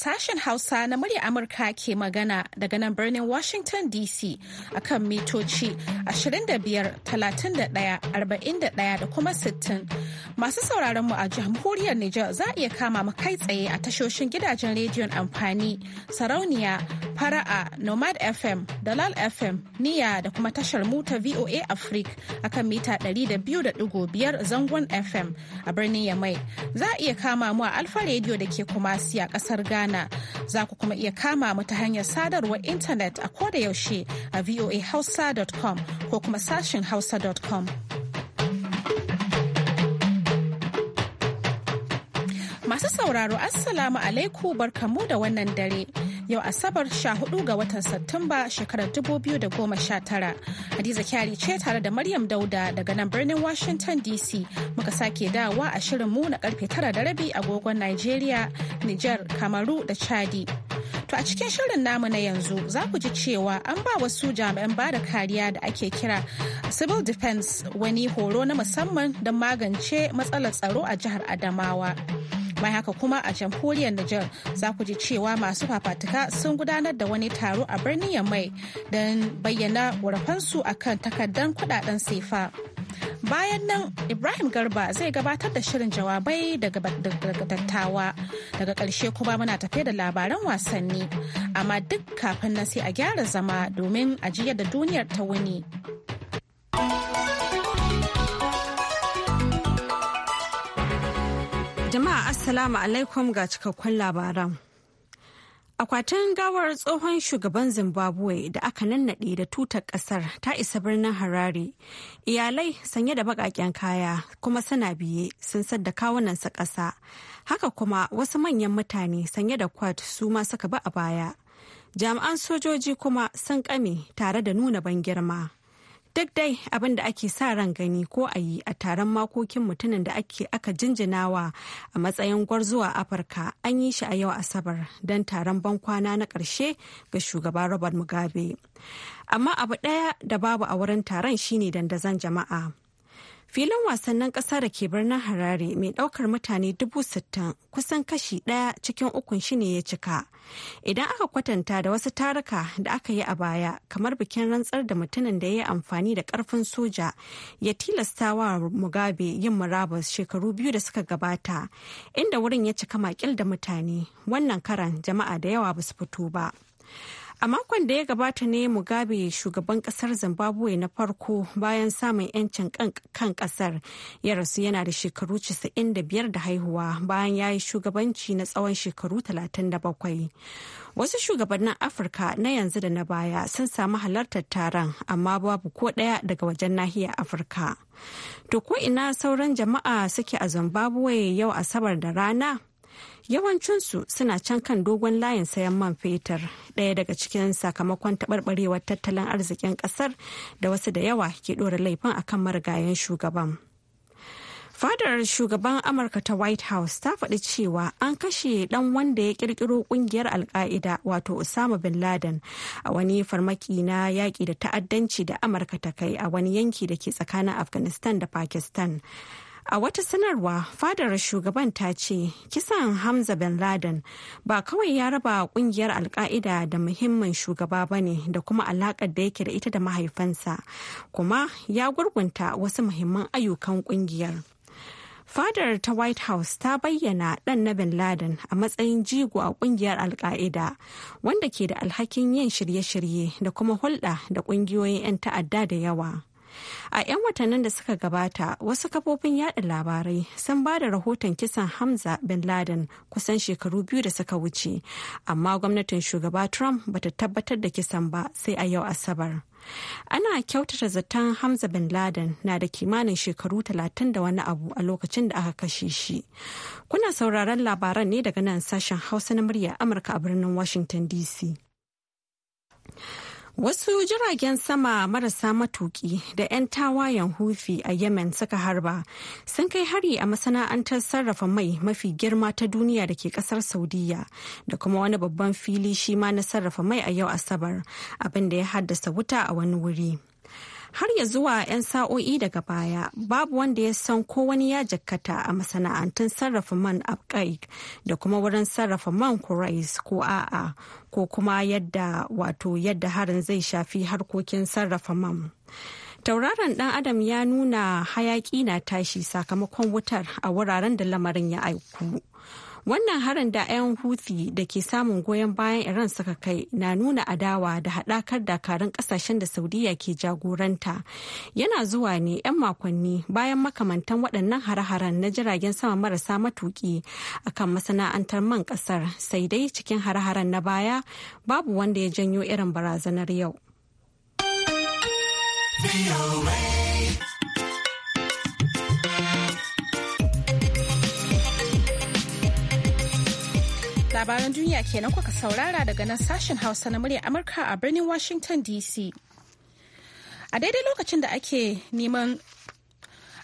Sashen Hausa na murya Amurka ke magana daga nan birnin Washington DC akan mitoci 25,31,41 da kuma 60. Masu sauraron mu a jamhuriyar Nijar za a iya kama mu kai tsaye a tashoshin gidajen rediyon amfani sarauniya fara'a nomad fm dalal fm niya da kuma tashar muta voa africa akan mita 200.5 zangon fm a birnin yamai za a iya kama mu a alfa rediyo da ke kumasi a kasar ghana mana za ku kuma iya kama mu ta hanyar sadarwar intanet a koda yaushe a voahausa.com ko kuma sashin hausa.com. Masu sauraro Assalamu alaikum barkamu da wannan dare. Yau Asabar 14 ga watan Satumba shekarar 2019. Hadiza Kyari ce tare da Maryam Dauda daga nan birnin Washington DC. Muka sake dawa a shirinmu na karfe 9 da rabi agogon Nigeria, Niger, Kamaru da Chadi. To a cikin shirin namu na yanzu za ku ji cewa an ba wasu jami'an ba da kariya da ake kira civil defense wani horo na musamman don magance matsalar tsaro a jihar Adamawa. Mai haka kuma a jamhuriyar Nijar za ku ji cewa masu fafatika sun gudanar da wani taro a birnin Yamai don bayyana a kan takardar kudaden sefa. bayan nan ibrahim garba zai gabatar da shirin jawabai daga dattawa daga ƙarshe kuma muna tafe da labaran wasanni amma duk kafin na sai a gyara zama domin ajiyar da duniyar ta wuni. Jama'a Assalamu alaikum ga cikakkun labaran. Akwatin gawar tsohon shugaban Zimbabwe da aka nannaɗe da tutar ƙasar ta isa birnin Harare. Iyalai sanye da baƙaƙen kaya kuma suna biye sun sadda kawunansa ƙasa. Haka kuma wasu manyan mutane sanye da kwat su ma suka bi a baya. Jami'an sojoji kuma sun ƙame tare da nuna ban girma. duk dai abin da ake sa ran gani ko a yi a taron makokin mutumin da ake aka jinjinawa a matsayin gwarzuwa afirka an yi shi a yau asabar don taron bankwana na ƙarshe ga shugaba robert mugabe amma abu ɗaya da babu a wurin taron shine dandazon jama'a filin wasannin ƙasa da ke birnin harare mai ɗaukar mutane dubu sittin kusan kashi ɗaya cikin ukun shi ne ya cika idan aka kwatanta da wasu taruka da aka yi a baya kamar bikin rantsar da mutumin da ya yi amfani da ƙarfin soja ya tilasta wa mugabe yin murabus shekaru biyu da suka gabata inda wurin ya cika makil da mutane wannan karan jama'a da yawa ba su fito ba A makon da ya gabata ne mu gabe shugaban kasar Zimbabwe na farko bayan samun 'yancin kan kasar ya rasu yana da shekaru 95 da haihuwa bayan ya yi shugabanci na tsawon shekaru 37. Wasu shugabannin Afirka na yanzu da na baya sun samu halartar taron amma babu ko ɗaya daga wajen nahiyar Afirka. To ko ina sauran jama'a suke a Zimbabwe yau Asabar da rana? Yawancinsu suna can kan dogon layin sayan man fetur ɗaya daga cikin sakamakon taɓarɓarewar tattalin arzikin ƙasar da wasu da yawa ke ɗora laifin akan marigayen shugaban. Fadar shugaban Amurka ta White House ta faɗi cewa an kashe ɗan wanda ya ƙirƙiro ƙungiyar Alƙa'ida wato Osama bin Laden a wani farmaki na yaƙi da ta'addanci da Amurka ta kai a wani yanki da ke tsakanin Afghanistan da Pakistan. A wata sanarwa fadar shugaban ta ce kisan Hamza bin Laden ba kawai ya raba kungiyar Alka'ida da muhimmin shugaba ba ne da kuma alakar da yake da ita da mahaifansa kuma ya gurgunta wasu muhimman ayyukan kungiyar. Fadar ta White House ta bayyana ɗan na Bin Laden a matsayin jigo a ƙungiyar alka'ida wanda ke da alhakin yin shirye-shirye da kuma hulɗa da ƙungiyoyin 'yan ta'adda da yawa. A 'yan watannin da suka gabata, wasu kafofin yada labarai sun ba da rahoton kisan Hamza bin Laden kusan shekaru biyu da suka wuce, amma gwamnatin shugaba Trump bata tabbatar da kisan ba sai a yau Asabar. Ana kyautata zaton Hamza bin Laden na da kimanin shekaru talatin da wani abu a lokacin da aka kashe shi. Kuna sauraron labaran ne daga nan sashen Hausa na murya Amurka a birnin Washington DC. Wasu jiragen sama marasa matuki da 'yan tawayen Hufi a Yemen suka harba sun kai hari a masana'antar sarrafa mai mafi girma ta duniya da ke kasar Saudiya da kuma wani babban fili shi ma na sarrafa mai a yau Asabar abinda ya haddasa wuta a wani wuri. har ya zuwa 'yan sa'o'i daga baya babu wanda ya san ko wani ya jakkata a masana'antun sarrafa man abqaiq da kuma wurin sarrafa man kurais ko a'a ko kuma yadda wato yadda harin zai shafi harkokin sarrafa man tauraron dan adam ya nuna hayaki na tashi sakamakon wutar a wuraren da lamarin ya aiku Wannan harin da 'yan huthi da ke samun goyon bayan Iran suka kai na nuna adawa da haɗakar dakarun ƙasashen da Saudiya ke jagoranta. Yana zuwa ne 'yan makonni bayan makamantan waɗannan hare-haren na jiragen sama marasa matuƙi akan masana'antar man ƙasar sai dai cikin hare-haren na baya babu wanda ya janyo irin barazanar yau. labaran duniya kenan kuka saurara daga nan sashen hausa na murya amurka a birnin washington dc a daidai lokacin da ake neman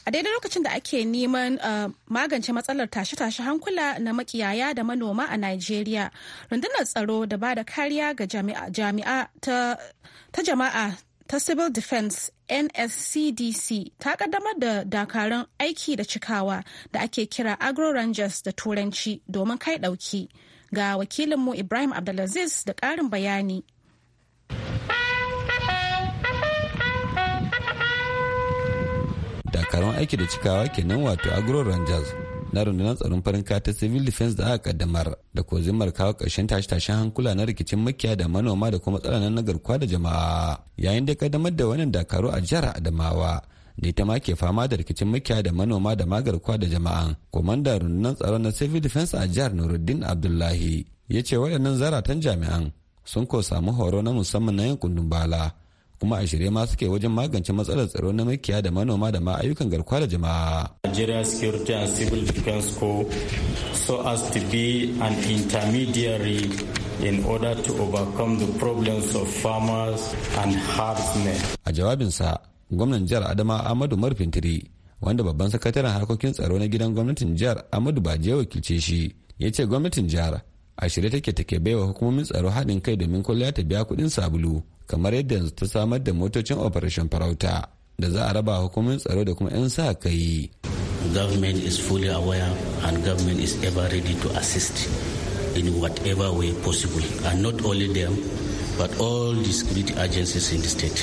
a daidai lokacin da ake neman uh, magance matsalar tashe-tashe hankula na makiyaya da manoma a Najeriya, rundunar tsaro da ba da kariya ga jami'a ta jama'a ta civil defense nscdc ta kaddamar da dakarun aiki da cikawa da ake kira agro rangers da turanci domin kai dauki ga wakilinmu Ibrahim Abdulaziz da ƙarin bayani. Dakarun aiki da cikawa kenan wato agro rangers na rundunar tsaron farin ta civil defense da aka kaddamar da ko kawo ƙarshen tashe-tashen hankula na rikicin makiya da manoma da kuma tsananin na da jama'a yayin da kaddamar da wannan dakaru a jihar adamawa da ita ma ke fama da rikicin makiya da manoma da magarkwa da jama'a komanda rundunar tsaro na civil defense a jihar nuruddin abdullahi ya ce waɗannan zaratan jami'an sun ko samu horo na musamman na yin kundin bala kuma a shirye ma suke wajen magance matsalar tsaro na mukiya da manoma da ma ayyukan garkuwa da jama'a. Nigeria Security and Civil Defense Co. so as to be an intermediary in order to overcome the problems of farmers and herdsmen. A jawabinsa, gwamnan jihar adama amadu tiri wanda babban sakataren harkokin tsaro na gidan gwamnatin jihar amadu baje wakilce shi ya ce gwamnatin jihar a shirye take take baiwa hukumomin tsaro haɗin kai domin kwalliya ta biya kuɗin sabulu kamar yadda yanzu ta samar da motocin operation farauta da za a raba hukumomin tsaro da kuma 'yan sa kai government is fully aware and government is ever ready to assist in whatever way possible and not only them but all the security agencies in the state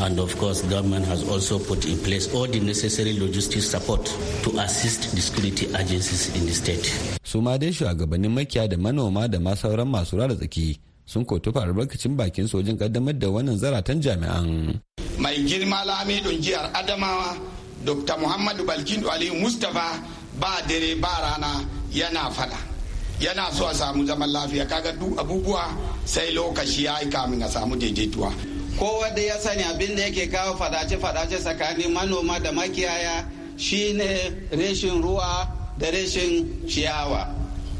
And of course, government has also put in place all the necessary logistic support to assist the security agencies in the state. Su ma dai shugabannin makiya da manoma da ma sauran masu rada tsaki sun kotufa albarkacin bakin sojin kaddamar da wannan zaratan jami'an. Mai girma lamidon jihar Adamawa, Dr. Muhammadu balkin ali Mustapha ba dare ba rana yana fada. Yana so a samu zaman lafiya kaga duk abubuwa sai lokaci ya yi kamin a samu daidaituwa. kowa da ya sani abin da yake kawo fadace-fadace tsakanin manoma da makiyaya shine reshin ruwa da reshin ciyawa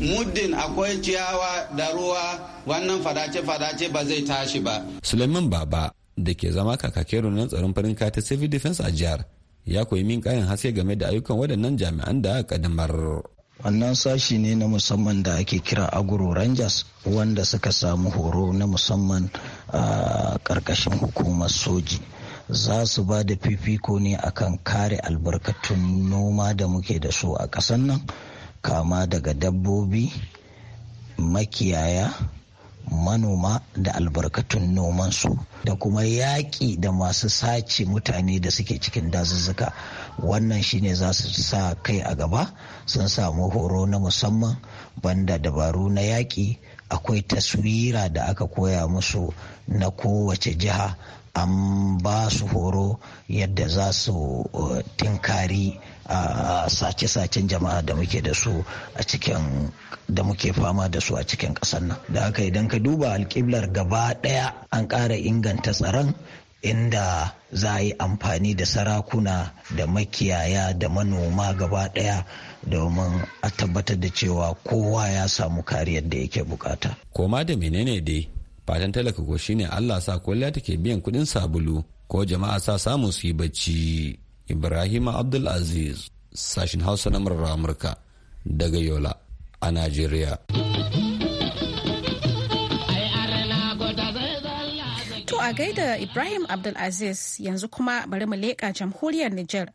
muddin akwai ciyawa da ruwa wannan fadace-fadace ba zai tashi ba suleiman baba da ke zama kakake runar tsaron farin kati civil defense a jihar ya koyi min kayan haske game da ayyukan waɗannan jami'an da aka wannan sashi ne na musamman da ake kira agro rangers wanda suka samu horo na musamman a ƙarƙashin hukumar soji za su ba da fifiko ne akan kare albarkatun noma da muke da su a ƙasan nan kama daga dabbobi makiyaya manoma da albarkatun noman su da kuma yaƙi da masu sace mutane da suke cikin dazuzzuka wannan shine za su sa kai a gaba sun samu horo na musamman banda dabaru na yaƙi akwai taswira da aka koya musu na kowace jiha an ba su horo yadda za su uh, tinkari a uh, sace-sacen jama'a da muke da su a cikin da muke fama da su a cikin ƙasar nan da aka idan ka duba alƙiblar gaba ɗaya an ƙara inganta tsaron inda za a yi amfani da sarakuna da makiyaya da manoma gaba daya domin a tabbatar da cewa kowa ya samu kariyar da yake bukata. Koma da menene dai fatan talaka ko shine Allah sa kwalliya take biyan kudin sabulu ko jama'a sa samun su yi bacci. Ibrahim Abdul Aziz sashin Hausa na Amurka daga Yola a Najeriya. A gaida Ibrahim Abdulaziz yanzu kuma bari mu leƙa jamhuriyar Nijar.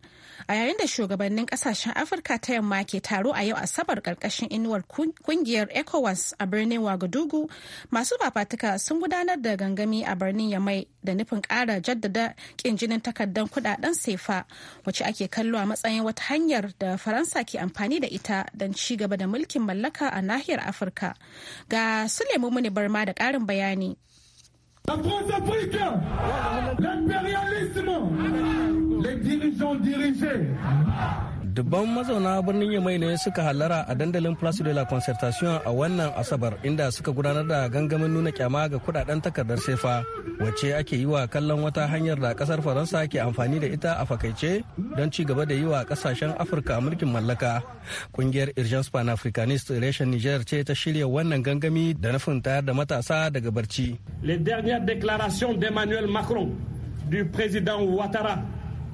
A yayin da shugabannin ƙasashen Afirka ta yamma ke taro a yau Asabar ƙarƙashin inuwar kungiyar ECOWAS a birnin Wagadugu, masu fafatuka sun gudanar da gangami a birnin Yamai da nufin ƙara jaddada ƙin jinin takardar kudaden sefa, wacce ake kallo a matsayin wata hanyar da Faransa ke amfani da ita don ci gaba da mulkin mallaka a nahiyar Afirka. Ga sulemu Muni Barma da ƙarin bayani. La france africaine, l'impérialisme, les dirigeants dirigés, dubban mazauna birnin yamai ne suka halara a dandalin place de la concertation a wannan asabar inda suka gudanar da gangamin nuna kyama ga kudaden takardar sefa wacce ake yi wa kallon wata hanyar da kasar faransa ke amfani da ita a fakaice don ci gaba da yi wa kasashen afirka mulkin mallaka kungiyar urgence panafricanist relation niger ce ta shirya wannan gangami da nufin tayar da matasa daga barci les dernières déclarations d'emmanuel macron du président ouattara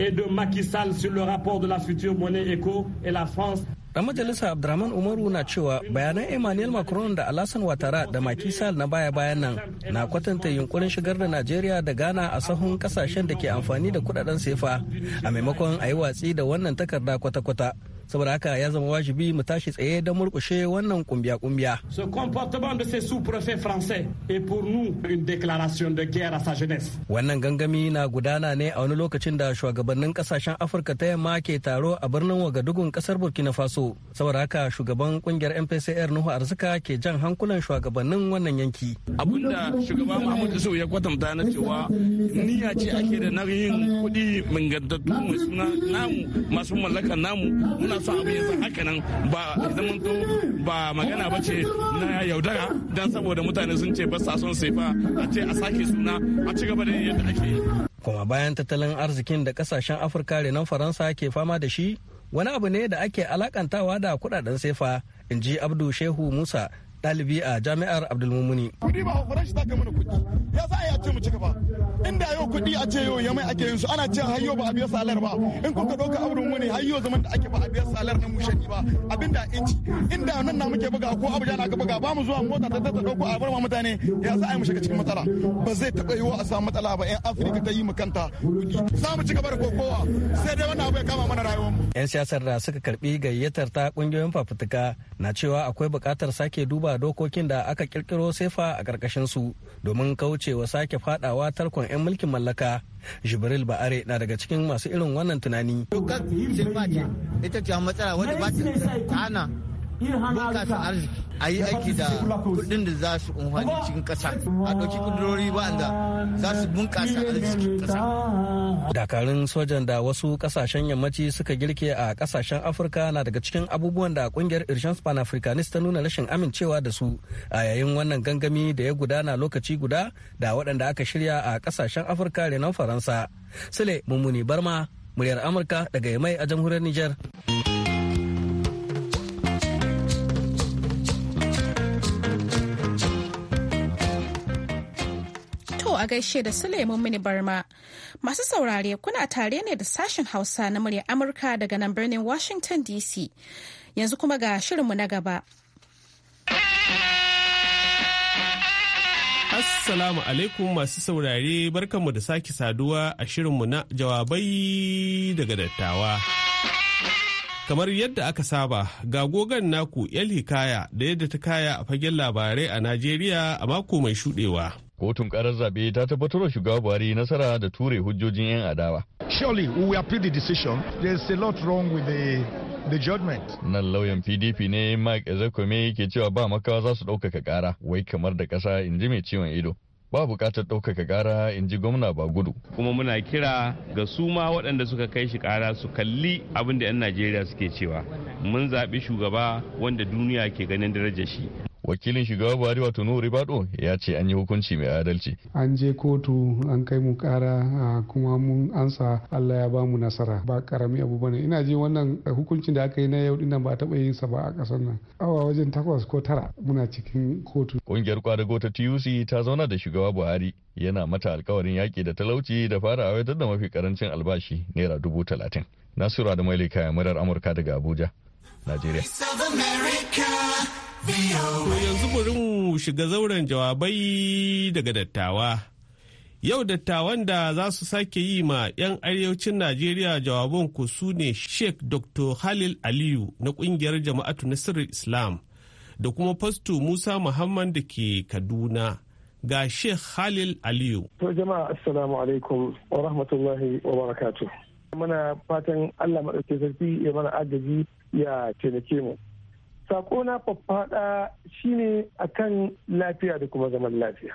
et de Macky Sall sur le rapport de la future monnaie éco et la France. Dan majalisa Abdurrahman Umaru na cewa bayanan Emmanuel Macron da Alassane watara da Macky Sall na baya-bayan nan na kwatanta yunkurin shigar da Najeriya da Ghana a sahun kasashen da ke amfani da kudaden sefa a maimakon a yi watsi da wannan takarda kwata-kwata. saboda haka ya zama wajibi mu tashi tsaye don murkushe wannan kumbiya-kumbiya. Ce comportement de ces sous-préfets français est pour nous une déclaration de guerre à sa jeunesse. Wannan gangami na gudana ne a wani lokacin da shugabannin kasashen Afirka ta yamma ke taro a birnin Wagadugun kasar Burkina Faso. Saboda haka shugaban kungiyar MPCR Nuhu Arzika ke jan hankulan shugabannin wannan yanki. Abinda shugaba Muhammadu sow ya kwatanta na cewa niyya ce ake da nauyin kuɗi mingantattu mai suna namu masu mallakar namu muna sa abu yanzu haka nan ba zaman to ba magana ba ce na yaudara dan saboda mutane sun ce basa son sai ba a ce a sake suna a ci gaba da yadda ake yi kuma bayan tattalin arzikin da kasashen afirka renon faransa ke fama da shi wani abu ne da ake alakantawa da kudaden sefa in ji abdu shehu musa ɗalibi a jami'ar Abdulmumuni. Kuɗi ba hakuran shi zaka mana kuɗi. Ya za a ce mu cika ba. Inda yau kuɗi a ce yau mai ake yin su ana ce hayyo ba a biya salar ba. In kuka ɗauka Abdulmumuni hayyo zaman da ake ba a biya salar na mushani ba. Abinda inci inda nan na muke buga ko Abuja na ka buga ba mu zuwa mota ta ta ɗauko a barma mutane ya za a yi mu shiga cikin matsala. Ba zai taɓa yiwu a samu matsala ba 'yan Afirka ta yi mu kanta kuɗi. Za mu ci gaba da kokowa sai dai wannan abu ya kama mana rayuwar mu. 'Yan siyasar da suka karɓi gayyatar ta ƙungiyoyin fafutuka na cewa akwai buƙatar sake duba zuwa dokokin da aka kirkiro sefa a su domin kauce wa sake fadawa tarkon 'yan mulkin mallaka jibril ba'are na daga cikin masu irin wannan tunani Dukkan silva ce ita ce matsala wadda ba ta bunƙasa arziki a yi aiki da kuɗin da za su umfani cikin ƙasa a ɗauki ƙudurori wa'anda za su bunƙasa arzikin ƙasa. dakarun sojan da wasu kasashen yammaci suka girke a kasashen afirka na daga cikin abubuwan da kungiyar irshen panafricanist ta nuna rashin amincewa da su a yayin wannan gangami da ya gudana lokaci guda da waɗanda aka shirya a kasashen afirka renon faransa sule mummuni barma muryar amurka daga yamai a jamhuriyar niger a gaishe da Suleiman Mini Barma. Masu saurare kuna tare ne da sashen Hausa na murya Amurka daga nan birnin Washington DC. Yanzu kuma ga shirinmu na gaba. Assalamu alaikum masu saurare barkanmu da sake saduwa a shirinmu na jawabai daga dattawa. Kamar yadda aka saba, ga gogon naku 'yan Hikaya da yadda ta kaya a fagen labarai a Najeriya a mako mai shuɗewa. Kotun karar zabe ta tabbatar shugaba Buhari nasara da ture hujjojin 'yan adawa. Surely we appeal the decision. is a lot wrong with the the judgment. Nan lauyan PDP ne Mike Ezekome ke cewa ba makawa za su ɗaukaka ƙara wai kamar da ƙasa in ji mai ciwon ido. Ba buƙatar ɗaukaka ƙara in ji gwamna ba gudu. Kuma muna kira ga su ma waɗanda suka kai shi ƙara su kalli abin da 'yan Najeriya suke cewa. Mun zaɓi shugaba wanda duniya ke ganin darajar shi. wakilin shugaba buhari wato nuhu ribado ya ce an yi hukunci mai adalci an je kotu an kai mu kara kuma mun ansa allah ya bamu nasara ba karami abu bane ina ji wannan hukuncin da aka yi na yau dinnan ba a taba yin sa ba a kasar nan awa wajen takwas ko tara muna cikin kotu ƙungiyar kwadago ta tuc ta zauna da shugaba buhari yana mata alkawarin yaƙi da talauci da fara awaitar da mafi karancin albashi naira dubu talatin nasura da kayan murar amurka daga abuja najeriya To yanzu bari mu shiga zauren jawabai daga dattawa. Yau dattawan da za su sake yi ma 'yan arewacin Najeriya jawabin ku su ne Sheikh Dr. Halil Aliyu na ƙungiyar jama'atu Nasirar Islam da kuma Fasto Musa Muhammad da ke Kaduna. Ga Sheikh Halil Aliyu. To jama'a assalamu alaikum wa rahmatullahi wa barakatuh. Muna fatan Allah maɗauke sarki ya mana agaji ya taimake mu. sako na faffaɗa shine akan lafiya da kuma zaman lafiya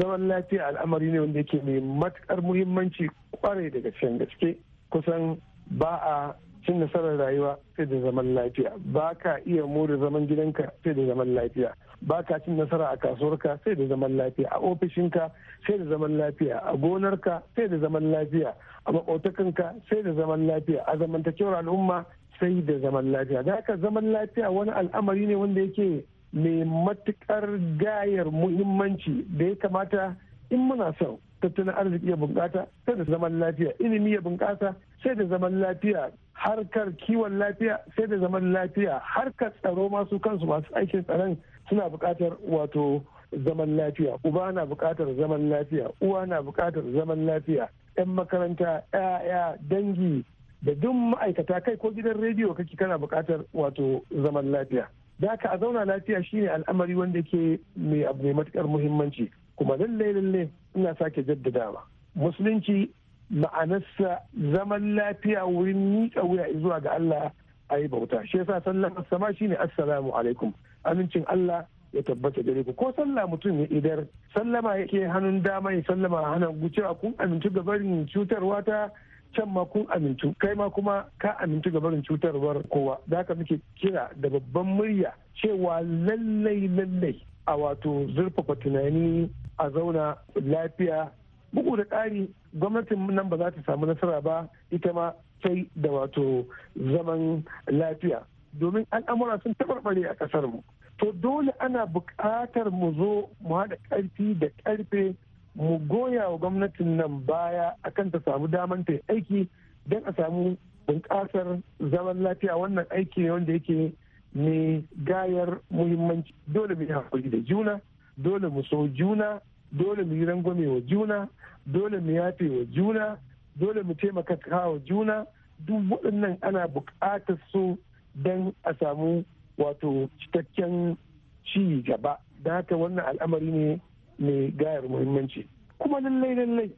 zaman lafiya al'amari ne wanda yake mai matukar muhimmanci kwarai daga can gaske kusan ba a cin nasarar rayuwa sai da zaman lafiya ba ka iya more zaman gidanka sai da zaman lafiya ba ka cin nasara a kasuwarka sai da zaman lafiya a ofishinka sai da zaman lafiya a gonarka sai da zaman lafiya a makwautakanka sai da zaman lafiya a zamantakewar al'umma sai da zaman lafiya da haka zaman lafiya wani al'amari ne wanda yake mai matukar gayar muhimmanci da ya kamata in muna son tattalin arziki ya bunƙasa sai da zaman lafiya ilimi ya bunƙasa sai da zaman lafiya harkar kiwon lafiya sai da zaman lafiya harkar tsaro masu kansu masu aikin tsaron suna buƙatar wato zaman lafiya uba na buƙatar zaman lafiya uwa na buƙatar zaman lafiya 'yan makaranta 'ya'ya dangi da duk ma'aikata kai ko gidan rediyo kake kana buƙatar wato zaman lafiya da haka a zauna lafiya shine al'amari wanda ke mai abu mai matukar muhimmanci kuma lallai lallai ina sake jaddadawa musulunci ma'anarsa zaman lafiya wurin miƙa wuya zuwa ga Allah a yi bauta shi yasa sallan asama shine assalamu alaikum amincin Allah ya tabbata gare ku ko sallah mutum ya idar sallama yake hannun dama ya sallama hannun gucewa kun amince da barin cutarwa ta can ma kun amintu kai ma kuma ka amintu ga barin cutarwar kowa da haka muke kira da babban murya cewa lallai lallai a wato zurfafa tunani a zauna lafiya bugu da ƙari gwamnatin nan ba za ta samu nasara ba ita ma sai da wato zaman lafiya domin al'amura sun tabarbare a ƙasar mu to dole ana buƙatar mu zo mu haɗa ƙarfi da ƙarfe mu goya wa gwamnatin nan baya akan ta samu daman ta aiki don a samu bunƙasar zaman lafiya wannan aiki ne wanda yake ne gayar muhimmanci dole mu yi hakuri da juna dole mu so juna dole mu yi rangwame wa juna dole mu yafe wa juna dole mu taimaka wa juna duk waɗannan ana buƙatar su don a samu wato cikakken ci gaba da haka wannan al'amari ne mai gayar muhimmanci kuma lallai lallai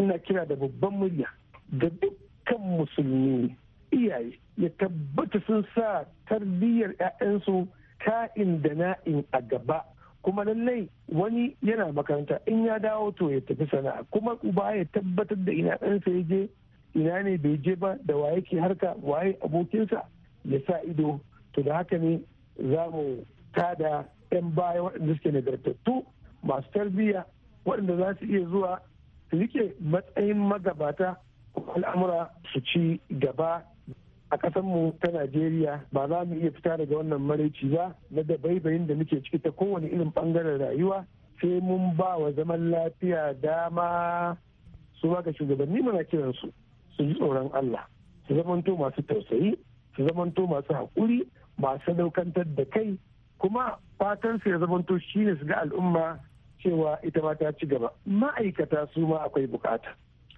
ina kira da babban murya ga dukkan musulmi iyaye ya tabbata sun sa tarbiyyar 'ya'yansu ka'in da na'in a gaba kuma lallai wani yana makaranta in ya dawo to ya tafi sana'a kuma uba ya tabbatar da ina ɗansa ya je ina ne bai je ba da waye ke harka waye abokinsa ya sa ido to da haka ne za mu tada 'yan baya waɗanda suke nagartattu masu tarbiyya waɗanda za su iya zuwa su rike matsayin magabata al'amura su ci gaba a mu ta najeriya ba za mu iya fita daga wannan maraici ba na dabaibayin da muke ciki ta kowane irin ɓangaren rayuwa sai mun ba wa zaman lafiya dama su ba ga shugabanni muna kiransu su ji tsoron allah su zamanto masu tausayi su zamanto masu haƙuri masu daukantar da kai kuma fatan su ya zamanto shine su ga al'umma cewa ita ma ta ci gaba ma'aikata su ma akwai bukata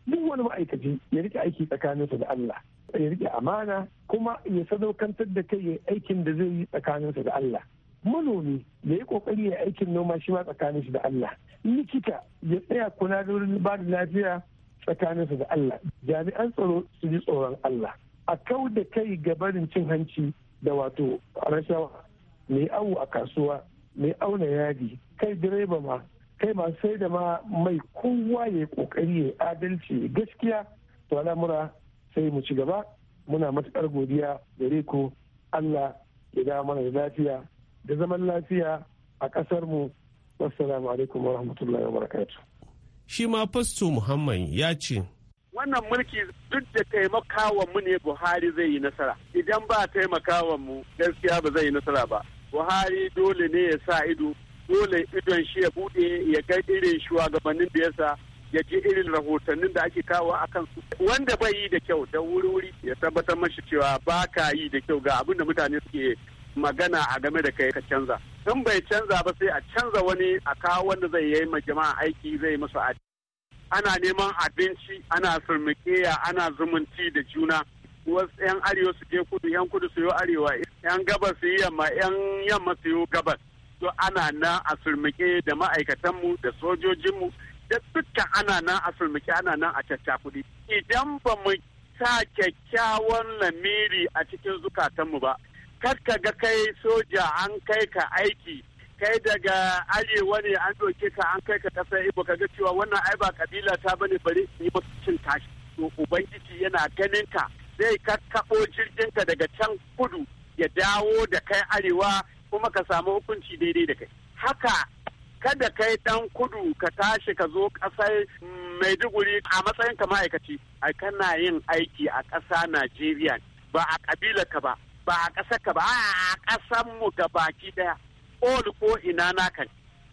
duk wani ma'aikaci ya rike aiki tsakaninsa da Allah ya rike amana kuma ya sadaukantar da kai ya aikin da zai yi tsakaninsa da Allah manomi ya yi kokari ya aikin noma shi ma tsakaninsa da Allah likita ya tsaya kuna da wurin ba da lafiya tsakaninsa da Allah jami'an tsaro su ji tsoron Allah a kau da kai ga barin cin hanci da wato rashawa mai awo a kasuwa mai auna yadi kai direba ma kai ma sai da ma mai kowa ya kokari ya adalci gaskiya to mura sai mu ci gaba muna matuƙar godiya gare ku Allah ya da mana da lafiya da zaman lafiya a ƙasar mu wassalamu alaikum wa rahmatullahi wa barakatu shi ma fasto muhammad ya ce wannan mulki duk da taimakawa mu ne buhari zai yi nasara idan ba taimakawa mu gaskiya ba zai yi nasara ba buhari dole ne ya sa ido dole idon shi ya bude ya ga irin shugabannin da yasa ya ji irin rahotannin da ake kawo a kansu wanda bai yi da kyau da wuri-wuri ya tabbatar mashi cewa ba ka yi da kyau ga abin da mutane suke magana a game da kai ka canza in bai canza ba sai a canza wani a kawo wanda zai yi ma jama'a aiki zai musu aiki ana neman abinci ana firmikeya ana zumunci da juna wasu 'yan arewa su je kudu 'yan kudu su yi arewa 'yan gabas su yi yamma 'yan yamma su yi gabas to ana nan a sulmuke da ma'aikatanmu da sojojinmu da dukkan ana nan a surmuke ana nan a caccakuɗi idan ba mu sa kyakkyawan lamiri a cikin zukatanmu ba kar ka ga kai soja an kai ka aiki kai daga arewa ne an doke ka an kai ka kasar ibo ka ga cewa wannan ai ba kabila ta bane bari in yi masu cin tashi to ubangiji yana ganin ka zai kakkaɓo jirginka daga can kudu ya dawo da kai arewa kuma ka samu hukunci daidai da kai haka kada kai dan kudu ka tashi ka zo kasar maiduguri a matsayin ka ma'aikaci a kana yin aiki a ƙasa najeriya ba a ƙabilar ka ba ba a ƙasar ka ba a ƙasar mu ga baki daya ol ko ina naka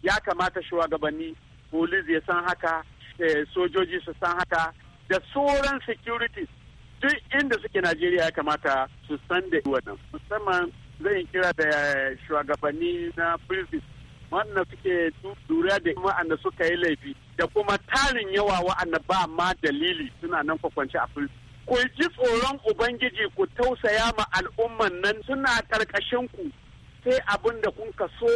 ya kamata shugabanni Polis ya san haka eh, sojoji su san haka da sauran securities duk inda suke najeriya ya kamata su san da wannan musamman zai kira da eh, shugabanni na prison wanda suke lura da wa'anda suka yi laifi da kuma tarin yawa wa'anda ba ma dalili suna nan kwakwance a ku ji tsoron ubangiji ku tausaya ma al'umman nan suna karkashin ku sai abin da kun so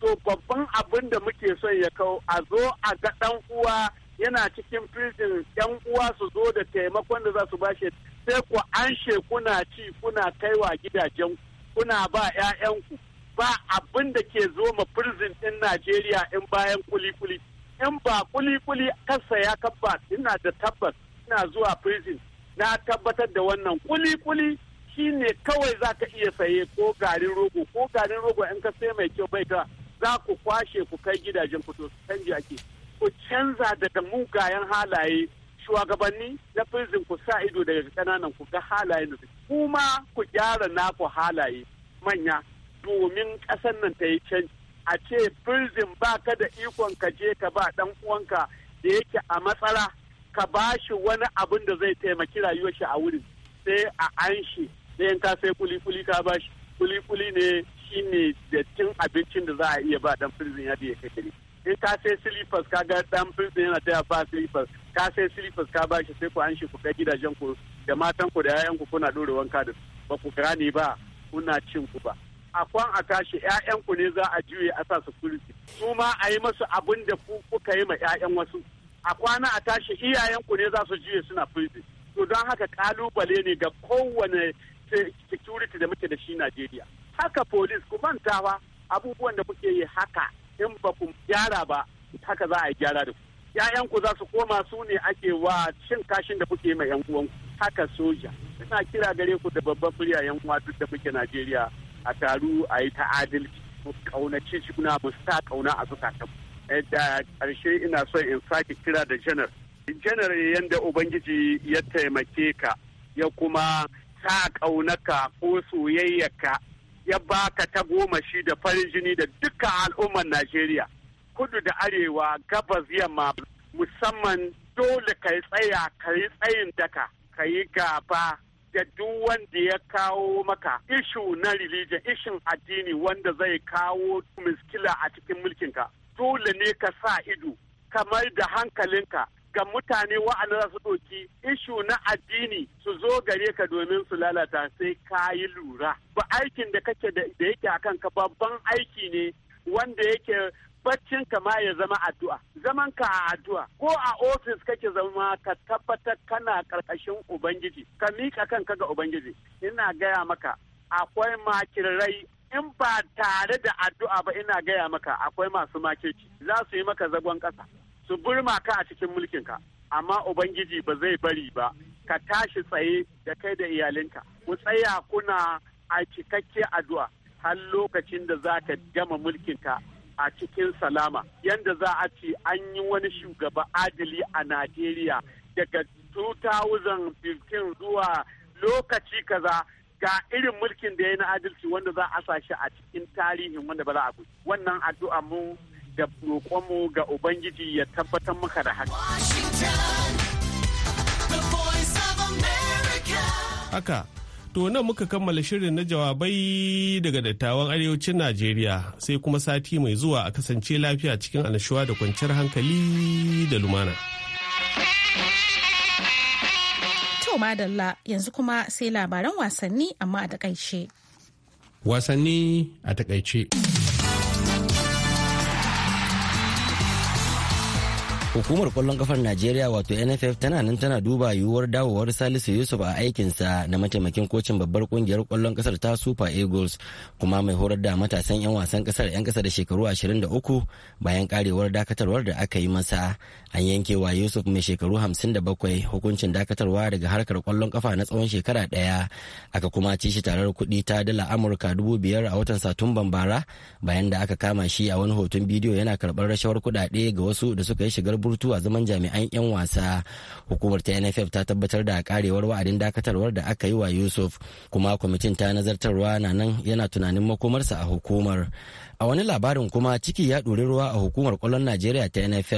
to babban abin da muke son ya kawo a zo a ga dan uwa yana cikin prison yan uwa su zo da taimakon da za su bashi sai ku an kuna ci kuna kaiwa gidajen ku kuna ba 'ya'yanku ba abin da ke zo ma prison ɗin Najeriya in bayan kuli-kuli. In ba kuli-kuli kasa ya kabba ina da tabbas ina zuwa prison na tabbatar da wannan kuli-kuli shi ne kawai za ka iya saye ko garin rogo ko garin rogo in ka sai mai kyau bai ka za ku kwashe ku kai gidajen ku to canji ake ku canza daga mugayen halaye shugabanni na prison ku sa ido daga ƙananan ku ga halayen da kuma ku gyara naku halaye manya domin ƙasar nan ta yi canji a ce prison ba ka da ikon ka je ka ba dan uwanka da yake a matsala ka ba shi wani abin da zai taimaki rayuwar shi a wurin sai a an shi sai ka sai kuli-kuli ka ba shi kuli-kuli ne shine dattin abincin da za a iya ba dan prison ya da ya kai in ka sai silifas ka ga dan fulfin yana taya ba silifas ka sai silifas ka ba shi sai ku an shi ku kai gidajen ku da matan ku da yayan ku kuna dore wanka da ba ku gane ba kuna cin ku ba a kwan a kashi yayan ku ne za a juye a sa security su ma a yi masu abun da ku kuka yi ma yayan wasu a kwana a tashi iyayen ku ne za su juye suna prison to don haka kalubale ne ga kowane security da muke da shi Najeriya haka police ku mantawa abubuwan da kuke yi haka in ba ku gyara ba haka za a yi gyara da ku ƴaƴanku za su koma su ne ake wa cin kashin da kuke ma yan uwanku haka soja ina kira gare ku da babban murya yan uwa duk da muke Najeriya a taru a yi ta adalci mu kaunaci juna mu sa kauna a zukatan eh, da karshe ina son in sake kira da janar janar yadda ubangiji ya taimake ka ya kuma sa kaunaka ko soyayyaka ya baka ta goma shi da farin jini da dukkan al'ummar Najeriya. Kudu da arewa gabas yamma musamman dole ka yi tsaya ka yi tsayin daka ka yi gaba da duk wanda ya kawo maka ishu na religion ishin addini wanda zai kawo miskila a cikin mulkinka dole ne ka sa ido kamar da hankalinka ga mutane wa'anda za su ɗoki ishu na addini su zo gare ka domin su lalata sai ka yi lura. Ba aikin da kake da yake a kanka babban aiki ne wanda yake baccin ka ma ya zama addu'a. Zaman ka a addu'a ko a ofis kake zama ka tabbatar kana karkashin Ubangiji, ka miƙa kanka ga Ubangiji. Ina gaya maka akwai makirai in ba tare da addu'a ba ina gaya maka akwai masu makirci za su yi maka zagon ƙasa su burma ka a cikin mulkinka amma ubangiji ba zai bari ba ka tashi tsaye da kai da iyalinka ku tsaya kuna a cikakke addu'a har lokacin da za ka gama mulkinka a cikin salama yadda za a ce an yi wani shugaba adali a najeriya daga 2015 zuwa lokaci kaza ga irin mulkin da ya na adalci wanda za a sashi a cikin tarihin wanda ba za a wannan addu'a mu da roƙonmu ga Ubangiji ya tabbatar maka da haka. Haka, to nan muka kammala shirin na jawabai daga dattawan arewacin Najeriya sai kuma sati mai zuwa a kasance lafiya cikin annashuwa da kwanciyar hankali da lumana. To madalla yanzu kuma sai labaran wasanni amma a takaice. Wasanni a takaice. hukumar kwallon kafar najeriya wato nff tana nan tana duba yiwuwar dawowar salisu yusuf a aikinsa na mataimakin kocin babbar kungiyar kwallon kasar ta super eagles kuma mai horar da matasan 'yan wasan kasar 'yan kasa da shekaru 23 bayan karewar dakatarwar da aka yi masa an yanke wa yusuf mai shekaru 57 hukuncin dakatarwa daga harkar kwallon kafa na tsawon shekara daya aka kuma ci shi tarar kuɗi ta dala amurka dubu biyar a watan satumban bara bayan da aka kama shi a wani hoton bidiyo yana karɓar rashawar kuɗaɗe ga wasu da suka yi shigar burtu a zaman jami'an 'yan wasa hukumar ta nff ta tabbatar da karewar wa'adin dakatarwar da aka yi wa yusuf kuma kwamitin ta nazartarwa na nan yana tunanin makomarsa a hukumar a wani labarin kuma ciki ya ɗori ruwa a hukumar kwallon najeriya ta nff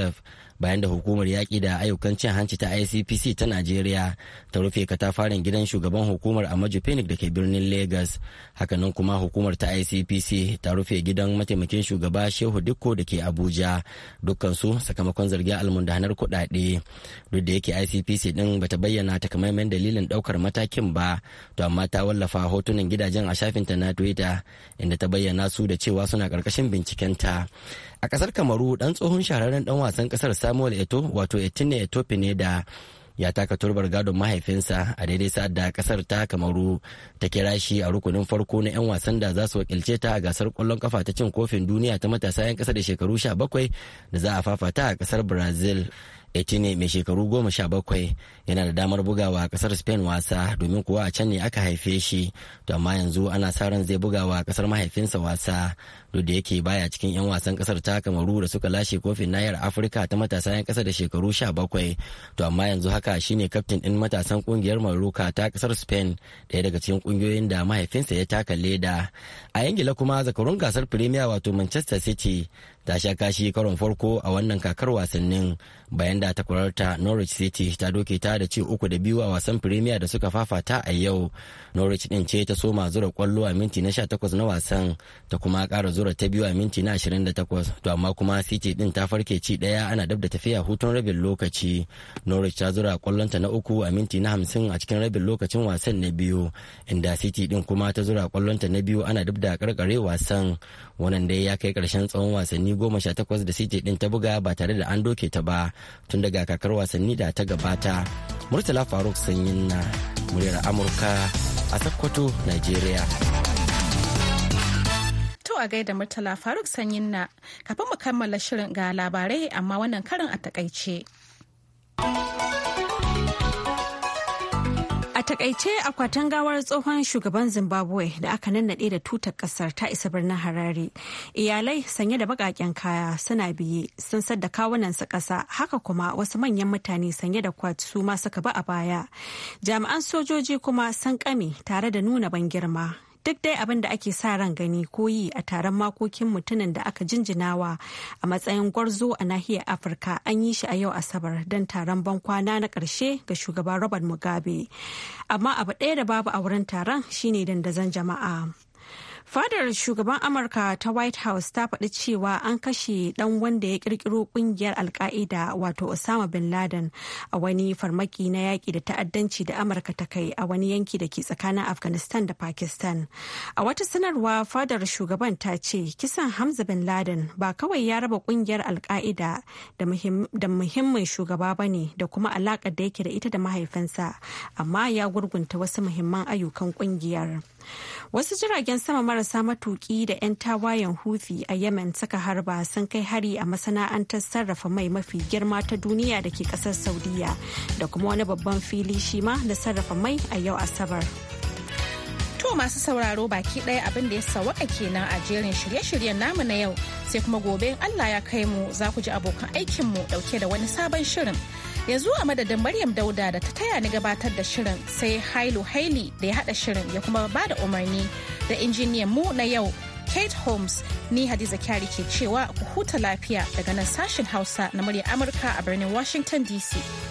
bayan da hukumar yaƙi da ayyukan cin hanci ta icpc ta najeriya ta rufe katafaren gidan shugaban hukumar a phoenix da ke birnin lagos hakanan kuma hukumar ta icpc ta rufe gidan mataimakin shugaba shehu dikko da ke abuja dukkansu sakamakon zargin almundanar kuɗaɗe duk da yake icpc din bata bayyana takamaiman dalilin ɗaukar matakin ba to amma ta wallafa hotunan gidajen a shafinta na twitter inda ta bayyana su da cewa suna ƙarƙashin bincikenta a kasar kamaru dan tsohon shahararren dan wasan kasar samuel eto wato etine eto da ya taka turbar gadon mahaifinsa a daidai sa'ad da kasar ta kamaru ta kira shi a rukunin farko na 'yan wasan da za su wakilce ta a gasar kwallon kafa ta cin kofin duniya ta matasa 'yan kasa da shekaru 17 da za a fafata a kasar brazil Etine mai shekaru goma sha bakwai yana da damar bugawa kasar Spain wasa domin kuwa a can ne aka haife shi to amma yanzu ana sa ran zai bugawa kasar mahaifinsa wasa duk da yake baya cikin 'yan wasan kasar ta kamaru da suka lashe kofin nahiyar Afirka ta matasa 'yan kasa da shekaru sha bakwai to amma yanzu haka shine kaftin din matasan kungiyar Maruka ta kasar Spain daya daga cikin kungiyoyin da mahaifinsa ya taka leda a Ingila kuma zakarun gasar Premier wato Manchester City ta sha kashi karon farko a wannan kakar wasannin bayan da takwararta norwich city ta doke ta da ci uku da biyu a wasan premier da suka fafata a yau norwich din ce ta soma zura kwallo a minti na 18 na wasan ta kuma kara zura ta biyu a minti na 28 to amma kuma city din ta farke ci daya ana dab da tafiya hutun rabin lokaci norwich ta zura kwallonta na uku a minti na 50 a cikin rabin lokacin wasan na biyu inda city din kuma ta zura kwallonta na biyu ana dab da karkare wasan wannan dai ya kai karshen tsawon wasanni wasanni goma sha takwas da siti din ta buga ba tare da an doke ta ba tun daga kakar wasanni da ta gabata murtala faruk sanyin na muryar amurka a sakkwato nigeria a gaida Murtala Faruk Sanyin na kafin mu kammala shirin ga labarai amma wannan karin a takaice. takaice akwatin gawar tsohon shugaban zimbabwe da aka nannaɗe da tutar ƙasar ta isa birnin harare iyalai sanye da baƙaƙen kaya suna biye sun sadda su ƙasa haka kuma wasu manyan mutane sanye da kwat su ma suka ba a baya jami'an sojoji kuma sun kame tare da nuna ban girma duk dai abin da ake sa ran gani ko yi a taron makokin mutumin da aka jinjinawa a matsayin gwarzo a nahiyar afirka an yi shi a yau asabar don taron bankwana na ƙarshe ga shugaban robert mugabe amma abu ɗaya da babu a wurin taron shine dandazon jama'a Fadar shugaban Amurka ta White House ta faɗi cewa an kashe ɗan wanda ya ƙirƙiro ƙungiyar Alƙa'ida wato Osama bin Laden a wani farmaki na yaƙi da ta'addanci da Amurka ta kai a wani yanki da ke tsakanin Afghanistan da Pakistan. A wata sanarwa fadar shugaban ta ce kisan Hamza bin Laden ba kawai ya raba ƙungiyar Alƙa'ida da muhimmin shugaba ba ne da kuma alaƙar da yake da ita da mahaifinsa amma ya gurgunta wasu muhimman ayyukan ƙungiyar. Wasu jiragen sama marasa matuki da 'yan tawayen hufi a Yemen suka harba sun kai hari a masana'antar sarrafa mai mafi girma ta duniya da ke kasar Saudiya da kuma wani babban fili shi ma da sarrafa mai a yau Asabar. To masu sauraro baki ɗaya abin da ya sawaka kenan a jerin shirye-shiryen namu na yau sai kuma gobe in Allah ya kai mu za ku ji abokan aikinmu dauke da wani sabon shirin. yanzu a madadin maryam dauda da ta taya ni gabatar da shirin sai hailu haili da ya hada shirin ya kuma ba da umarni da injiniyan mu na yau kate holmes ni hadiza kyari ke cewa ku huta lafiya daga nan sashen hausa na murya amurka a birnin washington dc